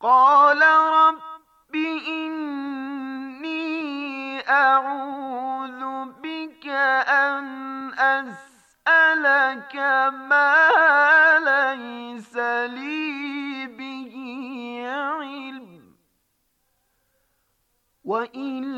قال رب إني أعوذ بك أن أسألك ما ليس لي به علم وإن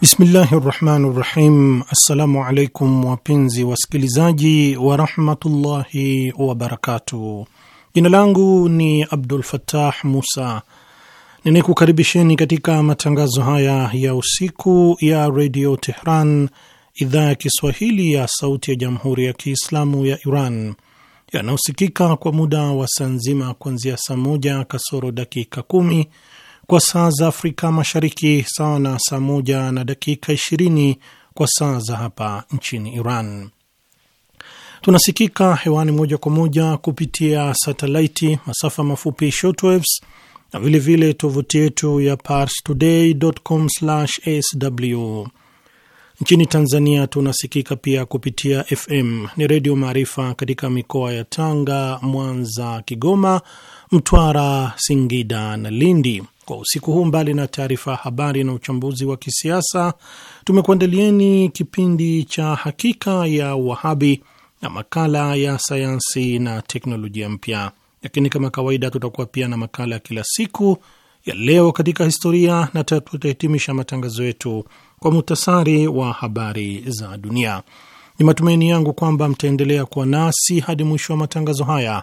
Bismillahi rrahmani rrahim. Assalamu alaikum wapenzi wasikilizaji warahmatullahi wabarakatuh. Jina langu ni Abdul Fattah Musa, ninakukaribisheni katika matangazo haya ya usiku ya Redio Tehran, idhaa ya Kiswahili ya sauti ya Jamhuri ya Kiislamu ya Iran, yanayosikika kwa muda wa saa nzima kuanzia saa moja kasoro dakika kumi kwa saa za Afrika Mashariki, sawa na saa moja na dakika 20 kwa saa za hapa nchini Iran. Tunasikika hewani moja kwa moja kupitia satelaiti, masafa mafupi shortwaves na vilevile tovuti yetu ya parstoday.com/sw. Nchini Tanzania tunasikika pia kupitia FM ni Redio Maarifa katika mikoa ya Tanga, Mwanza, Kigoma, Mtwara, Singida na Lindi. Kwa usiku huu, mbali na taarifa ya habari na uchambuzi wa kisiasa, tumekuandalieni kipindi cha Hakika ya Wahabi na makala ya sayansi na teknolojia mpya, lakini kama kawaida, tutakuwa pia na makala ya kila siku ya Leo katika Historia, na tutahitimisha matangazo yetu kwa muhtasari wa habari za dunia. Ni matumaini yangu kwamba mtaendelea kuwa nasi hadi mwisho wa matangazo haya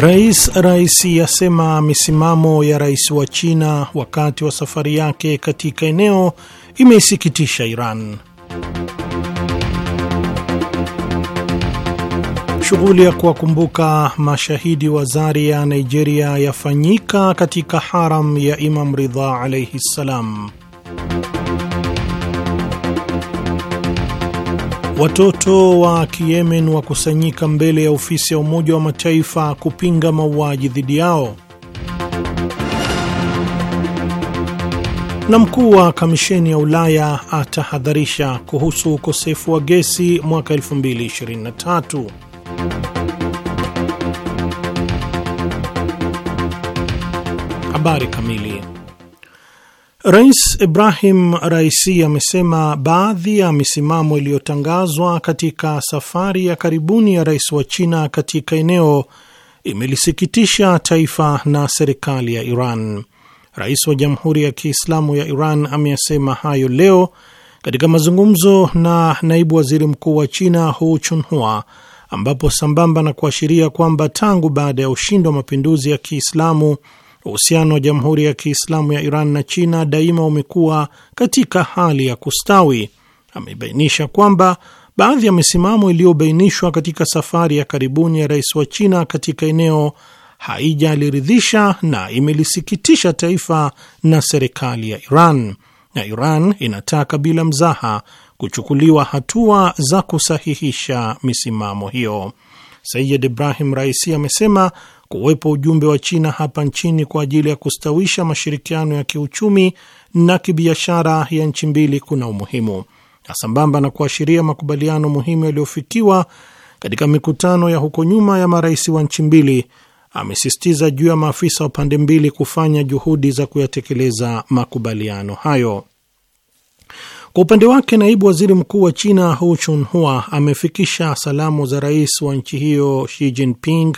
Rais Raisi asema misimamo ya rais wa China wakati wa safari yake katika eneo imeisikitisha Iran. Shughuli ya kuwakumbuka mashahidi wa Zari ya Nigeria yafanyika katika haram ya Imam Ridha alaihi ssalam. Watoto wa Kiyemen wakusanyika mbele ya ofisi ya Umoja wa Mataifa kupinga mauaji dhidi yao. Na mkuu wa kamisheni ya Ulaya atahadharisha kuhusu ukosefu wa gesi mwaka 2023. Habari kamili Rais Ibrahim Raisi amesema baadhi ya misimamo iliyotangazwa katika safari ya karibuni ya rais wa China katika eneo imelisikitisha taifa na serikali ya Iran. Rais wa Jamhuri ya Kiislamu ya Iran ameyasema hayo leo katika mazungumzo na naibu waziri mkuu wa China Hu Chunhua, ambapo sambamba na kuashiria kwamba tangu baada ya ushindi wa mapinduzi ya Kiislamu uhusiano wa Jamhuri ya Kiislamu ya Iran na China daima umekuwa katika hali ya kustawi. Amebainisha kwamba baadhi ya misimamo iliyobainishwa katika safari ya karibuni ya rais wa China katika eneo haijaliridhisha na imelisikitisha taifa na serikali ya Iran, na Iran inataka bila mzaha kuchukuliwa hatua za kusahihisha misimamo hiyo. Sayid Ibrahim Raisi amesema kuwepo ujumbe wa China hapa nchini kwa ajili ya kustawisha mashirikiano ya kiuchumi na kibiashara ya nchi mbili kuna umuhimu, na sambamba na kuashiria makubaliano muhimu yaliyofikiwa katika mikutano ya huko nyuma ya marais wa nchi mbili, amesisitiza juu ya maafisa wa pande mbili kufanya juhudi za kuyatekeleza makubaliano hayo. Kwa upande wake naibu waziri mkuu wa China Hu Chunhua amefikisha salamu za rais wa nchi hiyo Xi Jinping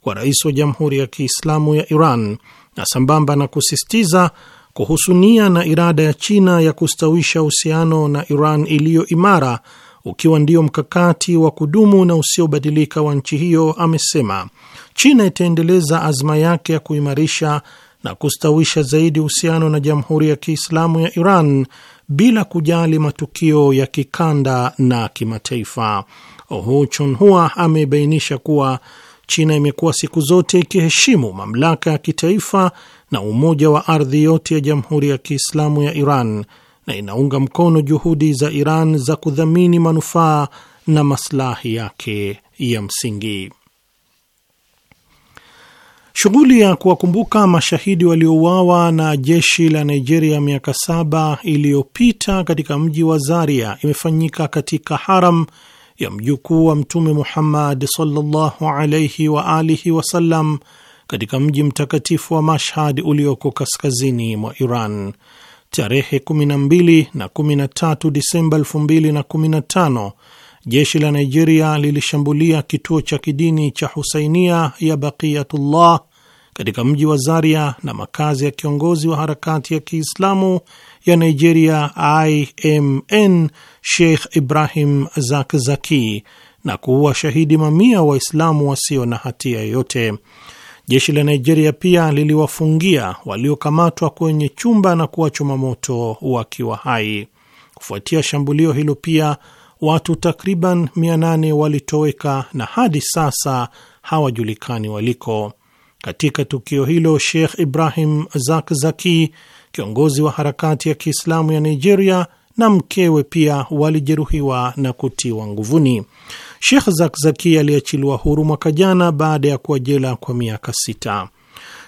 kwa rais wa Jamhuri ya Kiislamu ya Iran na sambamba na kusisitiza kuhusu nia na irada ya China ya kustawisha uhusiano na Iran iliyo imara ukiwa ndio mkakati wa kudumu na usiobadilika wa nchi hiyo, amesema China itaendeleza azma yake ya kuimarisha na kustawisha zaidi uhusiano na Jamhuri ya Kiislamu ya Iran bila kujali matukio ya kikanda na kimataifa. Hu Chunhua amebainisha kuwa China imekuwa siku zote ikiheshimu mamlaka ya kitaifa na umoja wa ardhi yote ya Jamhuri ya Kiislamu ya Iran na inaunga mkono juhudi za Iran za kudhamini manufaa na maslahi yake ya msingi. Shughuli ya kuwakumbuka mashahidi waliouawa na jeshi la Nigeria miaka saba iliyopita katika mji wa Zaria imefanyika katika haram ya mjukuu wa Mtume Muhammad sallallahu alaihi wa alihi wasallam katika mji mtakatifu wa Mashhad ulioko kaskazini mwa Iran. Tarehe 12 na 13 Disemba 2015 jeshi la Nigeria lilishambulia kituo cha kidini cha Husainia ya Baqiyatullah katika mji wa Zaria na makazi ya kiongozi wa harakati ya Kiislamu ya Nigeria IMN Sheikh Ibrahim Zakzaki na kuua shahidi mamia Waislamu wasio na hatia yoyote. Jeshi la Nigeria pia liliwafungia waliokamatwa kwenye chumba na kuwachoma moto wakiwa hai. Kufuatia shambulio hilo pia watu takriban 800 walitoweka na hadi sasa hawajulikani waliko. Katika tukio hilo, Sheikh Ibrahim Zakzaki, kiongozi wa harakati ya Kiislamu ya Nigeria, na mkewe pia walijeruhiwa na kutiwa nguvuni. Sheikh Zakzaki aliachiliwa huru mwaka jana baada ya kuwa jela kwa miaka sita.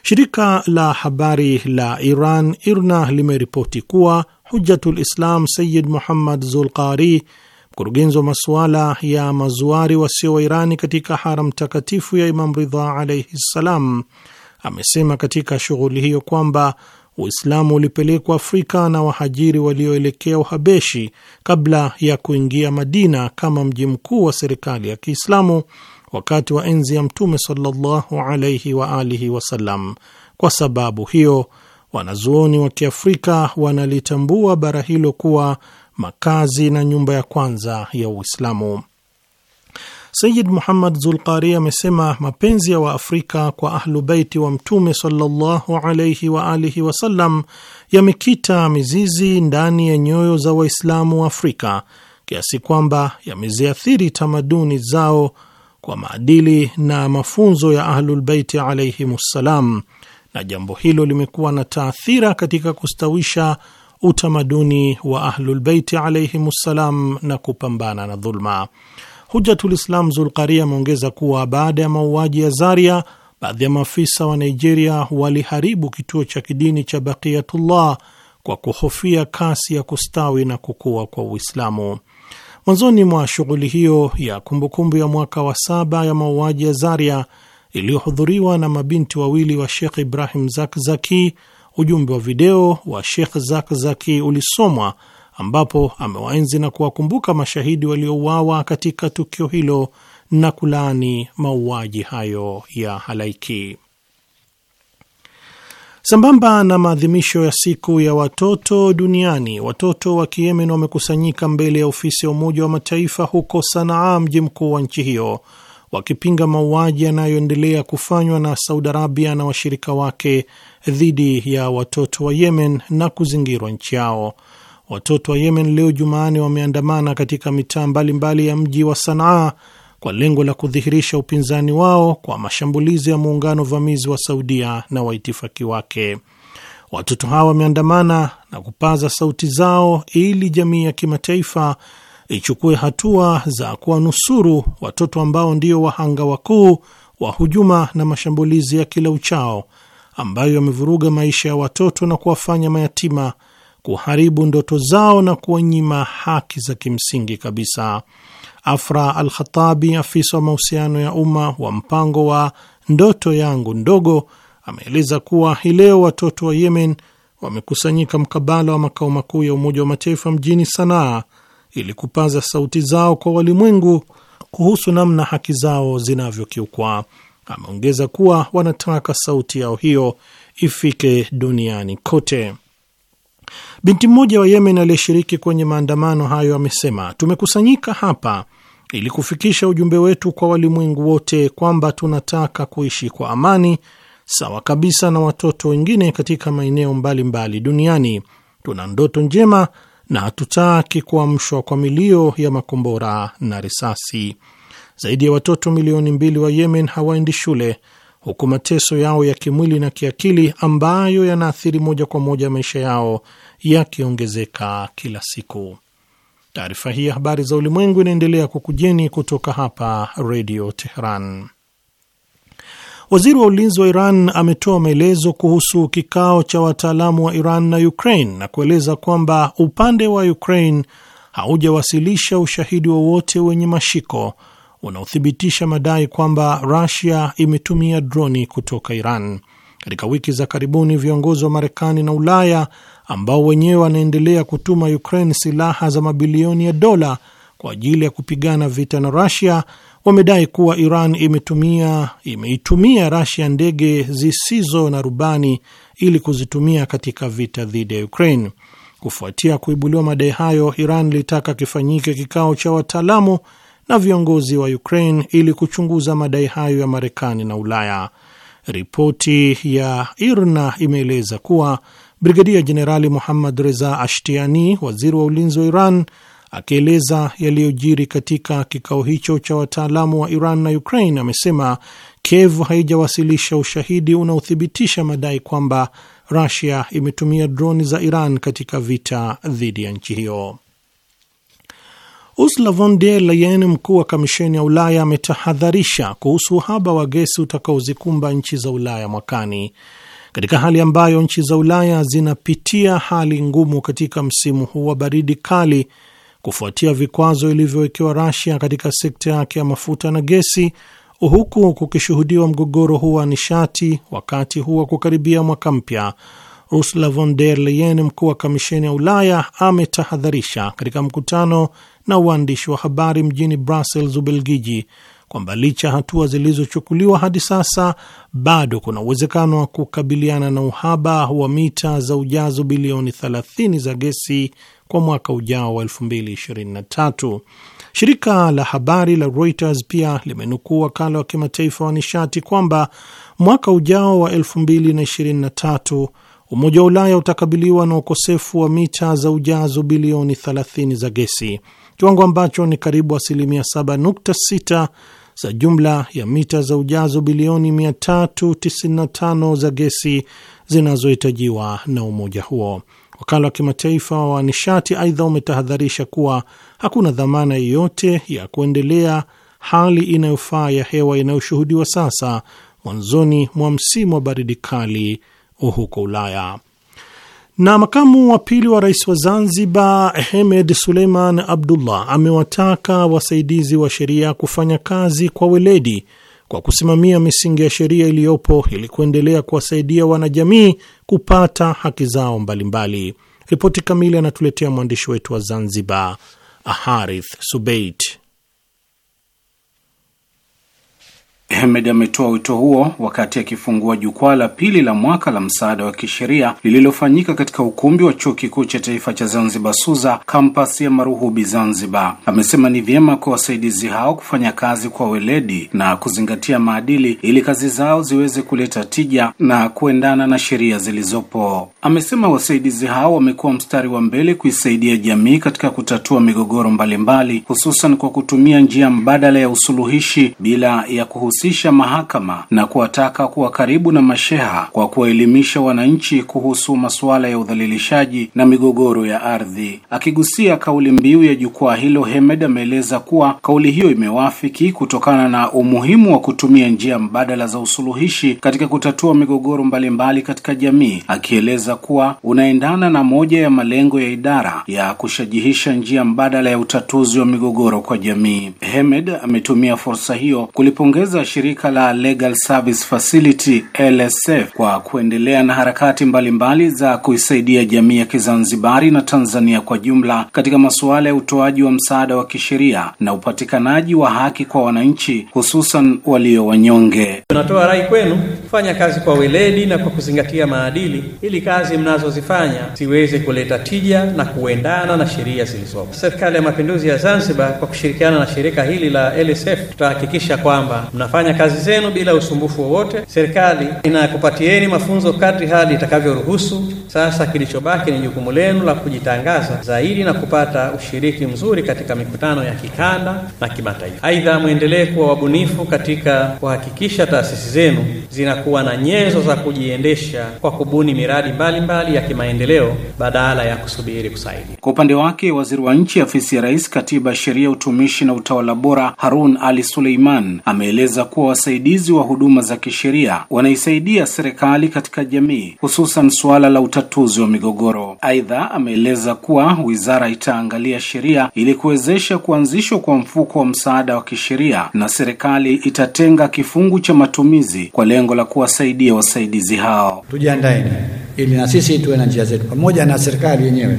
Shirika la habari la Iran IRNA limeripoti kuwa Hujjatul Islam Sayyid Muhammad Zulqari Mkurugenzi wa masuala ya mazuari wasio wa Irani katika haram takatifu ya Imam Ridha alaihi ssalam amesema katika shughuli hiyo kwamba Uislamu ulipelekwa Afrika na wahajiri walioelekea Uhabeshi kabla ya kuingia Madina kama mji mkuu wa serikali ya Kiislamu wakati wa enzi ya Mtume sallallahu alaihi wa alihi wasallam. Kwa sababu hiyo, wanazuoni wa Kiafrika wanalitambua bara hilo kuwa makazi na nyumba ya kwanza ya Uislamu. Sayid Muhammad Zulqari amesema mapenzi ya Waafrika kwa Ahlubeiti wa Mtume sallallahu alaihi alihi wasallam yamekita mizizi ndani ya nyoyo za Waislamu wa Afrika kiasi kwamba yameziathiri tamaduni zao kwa maadili na mafunzo ya Ahlulbeiti alaihim ssalam, na jambo hilo limekuwa na taathira katika kustawisha utamaduni wa Ahlulbeiti alayhimussalam na kupambana na dhulma. Hujatulislam zulqaria ameongeza kuwa baada ya mauaji ya Zaria, baadhi ya maafisa wa Nigeria waliharibu kituo cha kidini cha Baqiyatullah kwa kuhofia kasi ya kustawi na kukua kwa Uislamu. Mwanzoni mwa shughuli hiyo ya kumbukumbu ya mwaka wa saba ya mauaji ya Zaria iliyohudhuriwa na mabinti wawili wa Shekh Ibrahim Zakzaki ujumbe wa video wa Sheikh Zakzaki ulisomwa ambapo amewaenzi na kuwakumbuka mashahidi waliouawa katika tukio hilo na kulaani mauaji hayo ya halaiki. Sambamba na maadhimisho ya siku ya watoto duniani, watoto wa Kiyemen wamekusanyika mbele ya ofisi ya Umoja wa Mataifa huko Sanaa, mji mkuu wa nchi hiyo, wakipinga mauaji yanayoendelea kufanywa na Saudi Arabia na washirika wake dhidi ya watoto wa Yemen na kuzingirwa nchi yao. Watoto wa Yemen leo Jumanne wameandamana katika mitaa mbalimbali ya mji wa Sanaa kwa lengo la kudhihirisha upinzani wao kwa mashambulizi ya muungano vamizi wa Saudia na waitifaki wake. Watoto hawa wameandamana na kupaza sauti zao ili jamii ya kimataifa ichukue hatua za kuwanusuru watoto ambao ndio wahanga wakuu wa hujuma na mashambulizi ya kila uchao ambayo yamevuruga maisha ya watoto na kuwafanya mayatima, kuharibu ndoto zao na kuwanyima haki za kimsingi kabisa. Afra Al-Khatabi, afisa wa mahusiano ya umma wa mpango wa ndoto yangu ndogo, ameeleza kuwa hii leo watoto wa Yemen wamekusanyika mkabala wa makao makuu ya Umoja wa Mataifa mjini Sanaa ili kupaza sauti zao kwa walimwengu kuhusu namna haki zao zinavyokiukwa. Ameongeza kuwa wanataka sauti yao hiyo ifike duniani kote. Binti mmoja wa Yemen aliyeshiriki kwenye maandamano hayo amesema, tumekusanyika hapa ili kufikisha ujumbe wetu kwa walimwengu wote kwamba tunataka kuishi kwa amani sawa kabisa na watoto wengine katika maeneo mbalimbali duniani. Tuna ndoto njema na hatutaki kuamshwa kwa milio ya makombora na risasi. Zaidi ya watoto milioni mbili wa Yemen hawaendi shule huku mateso yao ya kimwili na kiakili ambayo yanaathiri moja kwa moja maisha yao yakiongezeka kila siku. Taarifa hii ya habari za ulimwengu inaendelea kukujeni kutoka hapa Redio Teheran. Waziri wa ulinzi wa Iran ametoa maelezo kuhusu kikao cha wataalamu wa Iran na Ukraine na kueleza kwamba upande wa Ukraine haujawasilisha ushahidi wowote wenye mashiko unaothibitisha madai kwamba Rusia imetumia droni kutoka Iran. Katika wiki za karibuni, viongozi wa Marekani na Ulaya ambao wenyewe wanaendelea kutuma Ukraine silaha za mabilioni ya dola kwa ajili ya kupigana vita na Rusia wamedai kuwa Iran imetumia imeitumia Rusia ndege zisizo na rubani ili kuzitumia katika vita dhidi ya Ukraine. Kufuatia kuibuliwa madai hayo, Iran ilitaka kifanyike kikao cha wataalamu na viongozi wa Ukraine ili kuchunguza madai hayo ya Marekani na Ulaya. Ripoti ya IRNA imeeleza kuwa Brigadia Jenerali Muhammad Reza Ashtiani, waziri wa ulinzi wa Iran, akieleza yaliyojiri katika kikao hicho cha wataalamu wa Iran na Ukraine, amesema Kiev haijawasilisha ushahidi unaothibitisha madai kwamba rasia imetumia droni za Iran katika vita dhidi ya nchi hiyo. Ursula von der Leyen, mkuu wa kamisheni ya Ulaya, ametahadharisha kuhusu uhaba wa gesi utakaozikumba nchi za Ulaya mwakani, katika hali ambayo nchi za Ulaya zinapitia hali ngumu katika msimu huu wa baridi kali kufuatia vikwazo ilivyowekewa Rasia katika sekta yake ya mafuta na gesi, huku kukishuhudiwa mgogoro huu wa nishati wakati huu wa kukaribia mwaka mpya Ursula von der Leyen, mkuu wa kamisheni ya Ulaya, ametahadharisha katika mkutano na uandishi wa habari mjini Brussels, Ubelgiji, kwamba licha ya hatua zilizochukuliwa hadi sasa bado kuna uwezekano wa kukabiliana na uhaba wa mita za ujazo bilioni 30 za gesi kwa mwaka ujao wa 2023. Shirika la habari la Reuters pia limenukuu wakala wa kimataifa wa nishati kwamba mwaka ujao wa 2023 Umoja wa Ulaya utakabiliwa na ukosefu wa mita za ujazo bilioni 30 za gesi, kiwango ambacho ni karibu asilimia 7.6 za jumla ya mita za ujazo bilioni 395 za gesi zinazohitajiwa na umoja huo. Wakala wa kimataifa wa nishati aidha umetahadharisha kuwa hakuna dhamana yoyote ya kuendelea hali inayofaa ya hewa inayoshuhudiwa sasa mwanzoni mwa msimu wa baridi kali huko Ulaya. Na makamu wa pili wa rais wa Zanzibar Hemed Suleiman Abdullah amewataka wasaidizi wa sheria kufanya kazi kwa weledi kwa kusimamia misingi ya sheria iliyopo ili kuendelea kuwasaidia wanajamii kupata haki zao mbalimbali. Ripoti kamili anatuletea mwandishi wetu wa Zanzibar Harith Subeit. Hemed ametoa wito huo wakati akifungua jukwaa la pili la mwaka la msaada wa kisheria lililofanyika katika ukumbi wa Chuo Kikuu cha Taifa cha Zanzibar Suza, kampasi ya Maruhubi Zanzibar. Amesema ni vyema kwa wasaidizi hao kufanya kazi kwa weledi na kuzingatia maadili ili kazi zao ziweze kuleta tija na kuendana na sheria zilizopo. Amesema wasaidizi hao wamekuwa mstari wa mbele kuisaidia jamii katika kutatua migogoro mbalimbali, hususan kwa kutumia njia mbadala ya usuluhishi bila ya kuhusu kuihusisha mahakama na kuwataka kuwa karibu na masheha kwa kuwaelimisha wananchi kuhusu masuala ya udhalilishaji na migogoro ya ardhi. Akigusia kauli mbiu ya jukwaa hilo, Hemed ameeleza kuwa kauli hiyo imewafiki kutokana na umuhimu wa kutumia njia mbadala za usuluhishi katika kutatua migogoro mbalimbali mbali katika jamii, akieleza kuwa unaendana na moja ya malengo ya idara ya kushajihisha njia mbadala ya utatuzi wa migogoro kwa jamii. Hemed ametumia fursa hiyo kulipongeza shirika la Legal Service Facility LSF kwa kuendelea na harakati mbalimbali mbali za kuisaidia jamii ya Kizanzibari na Tanzania kwa jumla katika masuala ya utoaji wa msaada wa kisheria na upatikanaji wa haki kwa wananchi hususan walio wanyonge. Tunatoa rai kwenu kufanya kazi kwa weledi na kwa kuzingatia maadili ili kazi mnazozifanya ziweze kuleta tija na kuendana na sheria zilizopo. Serikali ya Mapinduzi ya Zanzibar kwa kushirikiana na shirika hili la LSF tutahakikisha kwamba mna mnafanya kazi zenu bila usumbufu wowote. Serikali inakupatieni mafunzo kadri hali itakavyoruhusu. Sasa kilichobaki ni jukumu lenu la kujitangaza zaidi na kupata ushiriki mzuri katika mikutano ya kikanda na kimataifa. Aidha, mwendelee kuwa wabunifu katika kuhakikisha taasisi zenu zinakuwa na nyenzo za kujiendesha kwa kubuni miradi mbalimbali mbali ya kimaendeleo badala ya kusubiri kusaidia. Kwa upande wake, waziri wa nchi, ofisi ya Rais, Katiba, Sheria, Utumishi na Utawala Bora, Harun Ali Suleiman ameeleza za kuwa wasaidizi wa huduma za kisheria wanaisaidia serikali katika jamii, hususan suala la utatuzi wa migogoro. Aidha, ameeleza kuwa wizara itaangalia sheria ili kuwezesha kuanzishwa kwa mfuko wa msaada wa kisheria, na serikali itatenga kifungu cha matumizi kwa lengo la kuwasaidia wasaidizi hao. Tujiandaeni ili na sisi tuwe na njia zetu pamoja na serikali yenyewe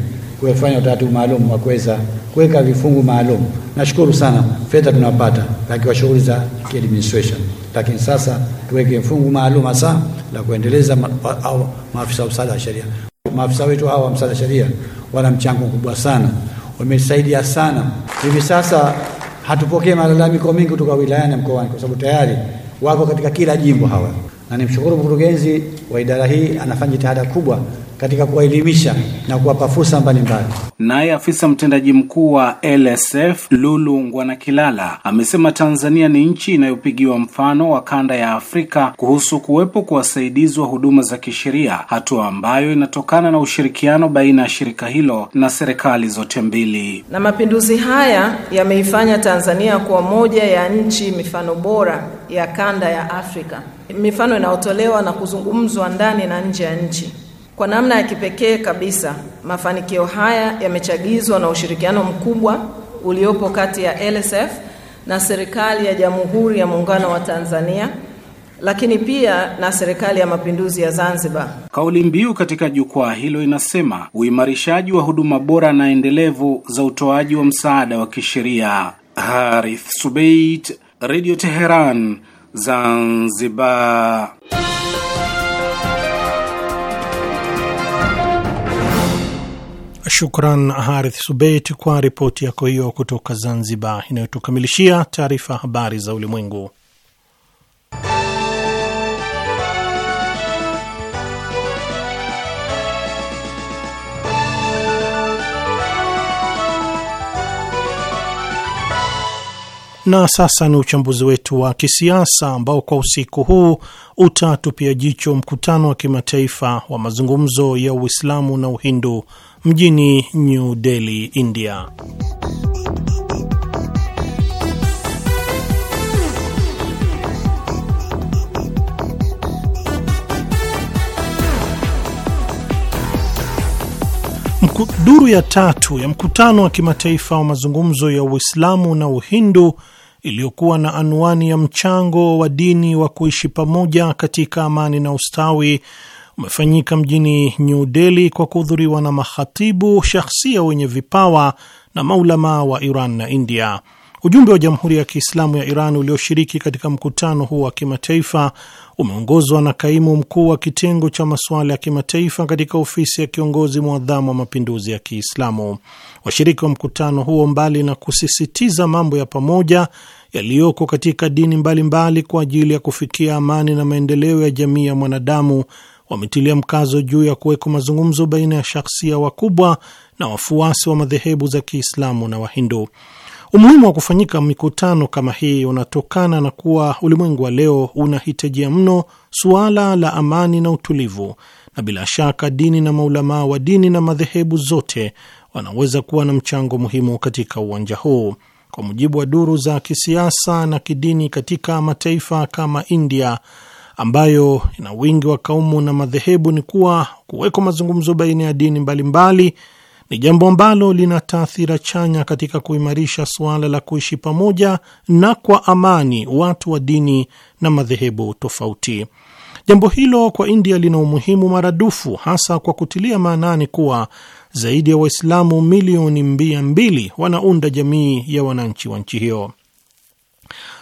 kufanya utaratibu maalum wa kuweza kuweka vifungu maalum. Nashukuru sana, fedha tunapata katika shughuli za administration, lakini sasa tuweke mfungu maalum hasa la kuendeleza ma, au maafisa wa msaada wa sheria. Maafisa wetu hawa wa msaada wa sheria wana mchango mkubwa sana, wamesaidia sana. Hivi sasa hatupokee malalamiko mengi kutoka wilayani na mkoani, kwa sababu tayari wako katika kila jimbo hawa, na nimshukuru mkurugenzi wa idara hii anafanya jitihada kubwa katika kuwaelimisha na kuwapa fursa mbalimbali. Naye afisa mtendaji mkuu wa LSF Lulu Ngwanakilala amesema Tanzania ni nchi inayopigiwa mfano wa kanda ya Afrika kuhusu kuwepo kwa wasaidizi wa huduma za kisheria, hatua ambayo inatokana na ushirikiano baina ya shirika hilo na serikali zote mbili. Na mapinduzi haya yameifanya Tanzania kuwa moja ya nchi mifano bora ya kanda ya Afrika, mifano inayotolewa na kuzungumzwa ndani na nje ya nchi. Kwa namna ya kipekee kabisa, mafanikio haya yamechagizwa na ushirikiano mkubwa uliopo kati ya LSF na serikali ya Jamhuri ya Muungano wa Tanzania lakini pia na serikali ya mapinduzi ya Zanzibar. Kauli mbiu katika jukwaa hilo inasema uimarishaji wa huduma bora na endelevu za utoaji wa msaada wa kisheria. Harith Subait, Radio Teheran, Zanzibar. Shukran Harith Subeit kwa ripoti yako hiyo kutoka Zanzibar, inayotukamilishia taarifa habari za ulimwengu. Na sasa ni uchambuzi wetu wa kisiasa ambao kwa usiku huu utatupia jicho mkutano wa kimataifa wa mazungumzo ya Uislamu na Uhindu mjini New Delhi, India. Duru ya tatu ya mkutano wa kimataifa wa mazungumzo ya Uislamu na Uhindu iliyokuwa na anwani ya mchango wa dini wa kuishi pamoja katika amani na ustawi umefanyika mjini New Delhi kwa kuhudhuriwa na mahatibu, shahsia wenye vipawa na maulamaa wa Iran na India. Ujumbe wa Jamhuri ya Kiislamu ya Iran ulioshiriki katika mkutano huu wa kimataifa umeongozwa na kaimu mkuu wa kitengo cha masuala ya kimataifa katika ofisi ya kiongozi mwadhamu wa mapinduzi ya Kiislamu. Washiriki wa mkutano huo, mbali na kusisitiza mambo ya pamoja yaliyoko katika dini mbalimbali mbali kwa ajili ya kufikia amani na maendeleo ya jamii ya mwanadamu wametilia mkazo juu ya kuwekwa mazungumzo baina ya shahsia wakubwa na wafuasi wa madhehebu za Kiislamu na Wahindu. Umuhimu wa kufanyika mikutano kama hii unatokana na kuwa ulimwengu wa leo unahitajia mno suala la amani na utulivu, na bila shaka dini na maulamaa wa dini na madhehebu zote wanaweza kuwa na mchango muhimu katika uwanja huu. Kwa mujibu wa duru za kisiasa na kidini katika mataifa kama India, ambayo ina wingi wa kaumu na madhehebu ni kuwa kuweko mazungumzo baina ya dini mbalimbali mbali, ni jambo ambalo lina taathira chanya katika kuimarisha suala la kuishi pamoja na kwa amani watu wa dini na madhehebu tofauti. Jambo hilo kwa India lina umuhimu maradufu, hasa kwa kutilia maanani kuwa zaidi ya Waislamu milioni mia mbili wanaunda jamii ya wananchi wa nchi hiyo.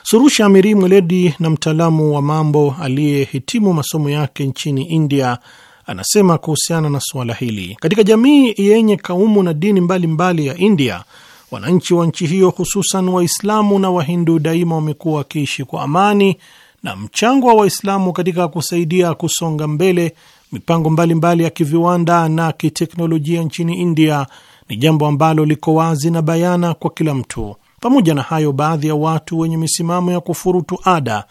Surusha Amiri, mweledi na mtaalamu wa mambo aliyehitimu masomo yake nchini India, anasema kuhusiana na suala hili, katika jamii yenye kaumu na dini mbalimbali mbali ya India, wananchi wa nchi hiyo hususan Waislamu na Wahindu daima wamekuwa wakiishi kwa amani na mchango wa Waislamu katika kusaidia kusonga mbele mipango mbalimbali mbali ya kiviwanda na kiteknolojia nchini India ni jambo ambalo liko wazi na bayana kwa kila mtu pamoja na hayo, baadhi ya watu wenye misimamo ya kufurutu ada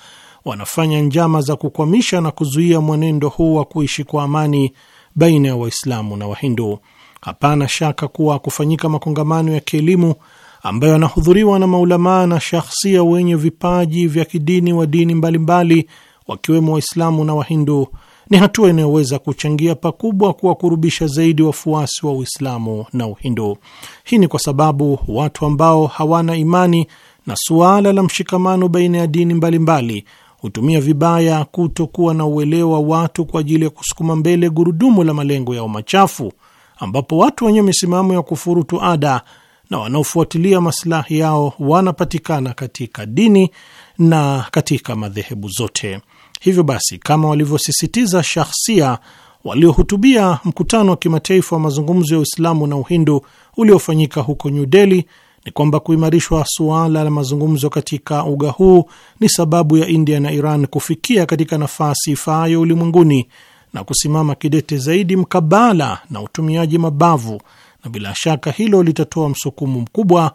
wanafanya njama za kukwamisha na kuzuia mwenendo huu wa kuishi kwa amani baina ya Waislamu na Wahindu. Hapana shaka kuwa kufanyika makongamano ya kielimu ambayo yanahudhuriwa na maulamaa na shahsia wenye vipaji vya kidini wa dini mbalimbali wakiwemo Waislamu na Wahindu ni hatua inayoweza kuchangia pakubwa kuwakurubisha zaidi wafuasi wa Uislamu na Uhindu. Hii ni kwa sababu watu ambao hawana imani na suala la mshikamano baina ya dini mbalimbali hutumia vibaya kutokuwa na uelewa watu kwa ajili ya kusukuma mbele gurudumu la malengo yao machafu, ambapo watu wenye misimamo ya kufurutu ada na wanaofuatilia masilahi yao wanapatikana katika dini na katika madhehebu zote. Hivyo basi, kama walivyosisitiza shahsia waliohutubia mkutano wa kimataifa wa mazungumzo ya Uislamu na Uhindu uliofanyika huko New Delhi ni kwamba kuimarishwa suala la mazungumzo katika uga huu ni sababu ya India na Iran kufikia katika nafasi ifaayo ulimwenguni na kusimama kidete zaidi mkabala na utumiaji mabavu, na bila shaka hilo litatoa msukumu mkubwa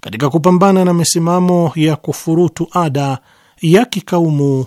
katika kupambana na misimamo ya kufurutu ada ya kikaumu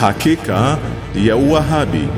Hakika ya Uwahabi.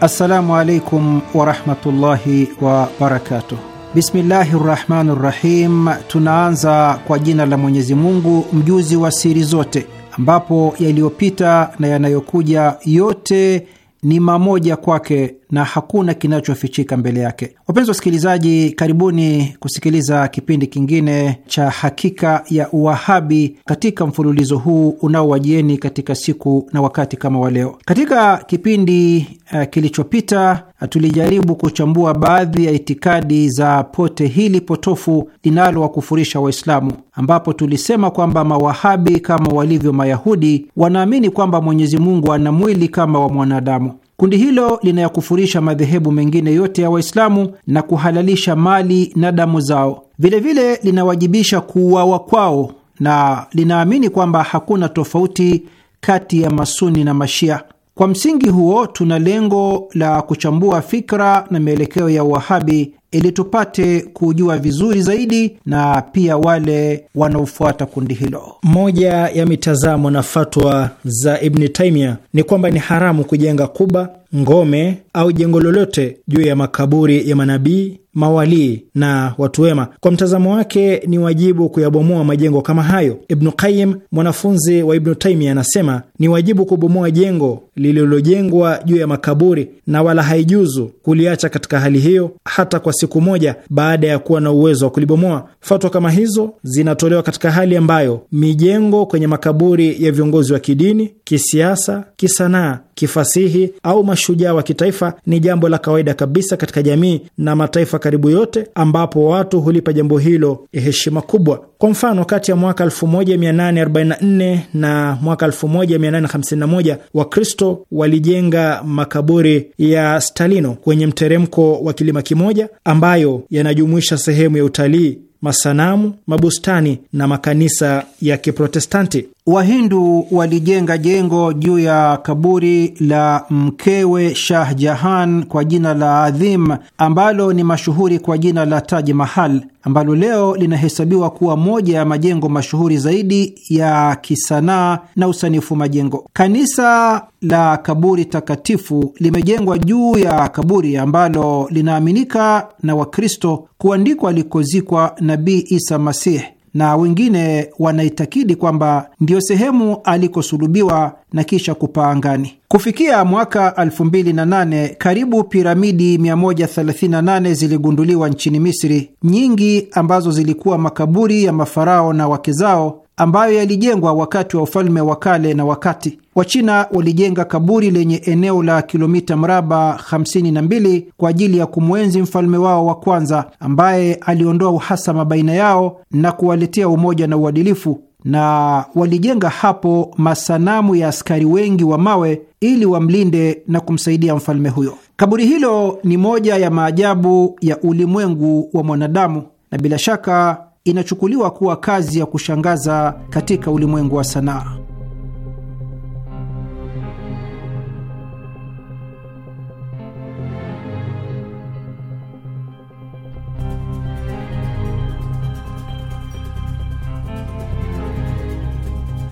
Assalamu alaikum warahmatullahi wabarakatuh. Bismillahi rrahmani rrahim. Tunaanza kwa jina la Mwenyezi Mungu mjuzi wa siri zote, ambapo yaliyopita na yanayokuja yote ni mamoja kwake na hakuna kinachofichika mbele yake. Wapenzi wasikilizaji, karibuni kusikiliza kipindi kingine cha Hakika ya Uwahabi katika mfululizo huu unaowajieni katika siku na wakati kama wa leo. Katika kipindi uh, kilichopita eh, tulijaribu kuchambua baadhi ya itikadi za pote hili potofu linalowakufurisha Waislamu, ambapo tulisema kwamba mawahabi kama walivyo Mayahudi wanaamini kwamba Mwenyezi Mungu ana mwili kama wa mwanadamu. Kundi hilo linayakufurisha madhehebu mengine yote ya Waislamu na kuhalalisha mali na damu zao. Vilevile linawajibisha kuuawa kwao na linaamini kwamba hakuna tofauti kati ya masuni na mashia. Kwa msingi huo, tuna lengo la kuchambua fikra na mielekeo ya Wahabi ili tupate kujua vizuri zaidi na pia wale wanaofuata kundi hilo. Moja ya mitazamo na fatwa za Ibni Taimia ni kwamba ni haramu kujenga kuba, ngome au jengo lolote juu ya makaburi ya manabii, mawalii na watu wema. Kwa mtazamo wake, ni wajibu kuyabomoa majengo kama hayo. Ibnu Qayim, mwanafunzi wa Ibnu Taimia, anasema ni wajibu kubomoa jengo lililojengwa juu ya makaburi na wala haijuzu kuliacha katika hali hiyo hata kwa si siku moja baada ya kuwa na uwezo wa kulibomoa. Fatwa kama hizo zinatolewa katika hali ambayo mijengo kwenye makaburi ya viongozi wa kidini, kisiasa, kisanaa, kifasihi au mashujaa wa kitaifa ni jambo la kawaida kabisa katika jamii na mataifa karibu yote, ambapo watu hulipa jambo hilo heshima kubwa. Kwa mfano, kati ya mwaka 1844 na mwaka 1851 Wakristo walijenga makaburi ya Stalino kwenye mteremko wa kilima kimoja ambayo yanajumuisha sehemu ya utalii, masanamu, mabustani na makanisa ya Kiprotestanti. Wahindu walijenga jengo juu ya kaburi la mkewe Shah Jahan kwa jina la Adhim ambalo ni mashuhuri kwa jina la Taj Mahal ambalo leo linahesabiwa kuwa moja ya majengo mashuhuri zaidi ya kisanaa na usanifu majengo. Kanisa la kaburi takatifu limejengwa juu ya kaburi ambalo linaaminika na Wakristo kuandikwa alikozikwa Nabii Isa Masih na wengine wanaitakidi kwamba ndiyo sehemu alikosulubiwa na kisha kupaa angani. Kufikia mwaka 2008 karibu piramidi 138 ziligunduliwa nchini Misri, nyingi ambazo zilikuwa makaburi ya mafarao na wake zao ambayo yalijengwa wakati wa ufalme wa kale na wakati Wachina walijenga kaburi lenye eneo la kilomita mraba 52 kwa ajili ya kumwenzi mfalme wao wa kwanza ambaye aliondoa uhasama baina yao na kuwaletea umoja na uadilifu, na walijenga hapo masanamu ya askari wengi wa mawe ili wamlinde na kumsaidia mfalme huyo. Kaburi hilo ni moja ya maajabu ya ulimwengu wa mwanadamu na bila shaka inachukuliwa kuwa kazi ya kushangaza katika ulimwengu wa sanaa.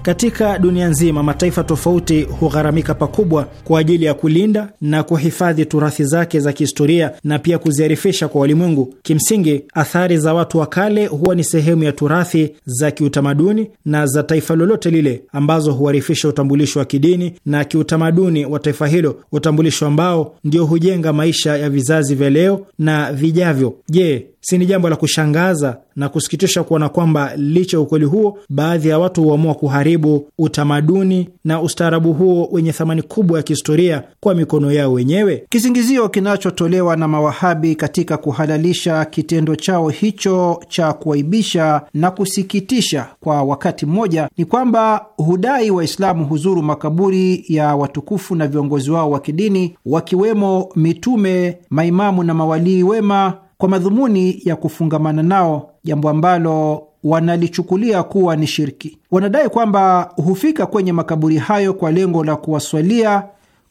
Katika dunia nzima, mataifa tofauti hugharamika pakubwa kwa ajili ya kulinda na kuhifadhi turathi zake za kihistoria na pia kuziarifisha kwa walimwengu. Kimsingi, athari za watu wa kale huwa ni sehemu ya turathi za kiutamaduni na za taifa lolote lile, ambazo huarifisha utambulisho wa kidini na kiutamaduni wa taifa hilo, utambulisho ambao ndio hujenga maisha ya vizazi vya leo na vijavyo. Je, Si ni jambo la kushangaza na kusikitisha kuona kwamba licha ya ukweli huo, baadhi ya watu huamua kuharibu utamaduni na ustaarabu huo wenye thamani kubwa ya kihistoria kwa mikono yao wenyewe. Kisingizio kinachotolewa na mawahabi katika kuhalalisha kitendo chao hicho cha kuaibisha na kusikitisha kwa wakati mmoja ni kwamba hudai Waislamu huzuru makaburi ya watukufu na viongozi wao wa kidini, wakiwemo mitume, maimamu na mawalii wema kwa madhumuni ya kufungamana nao, jambo ambalo wanalichukulia kuwa ni shirki. Wanadai kwamba hufika kwenye makaburi hayo kwa lengo la kuwaswalia,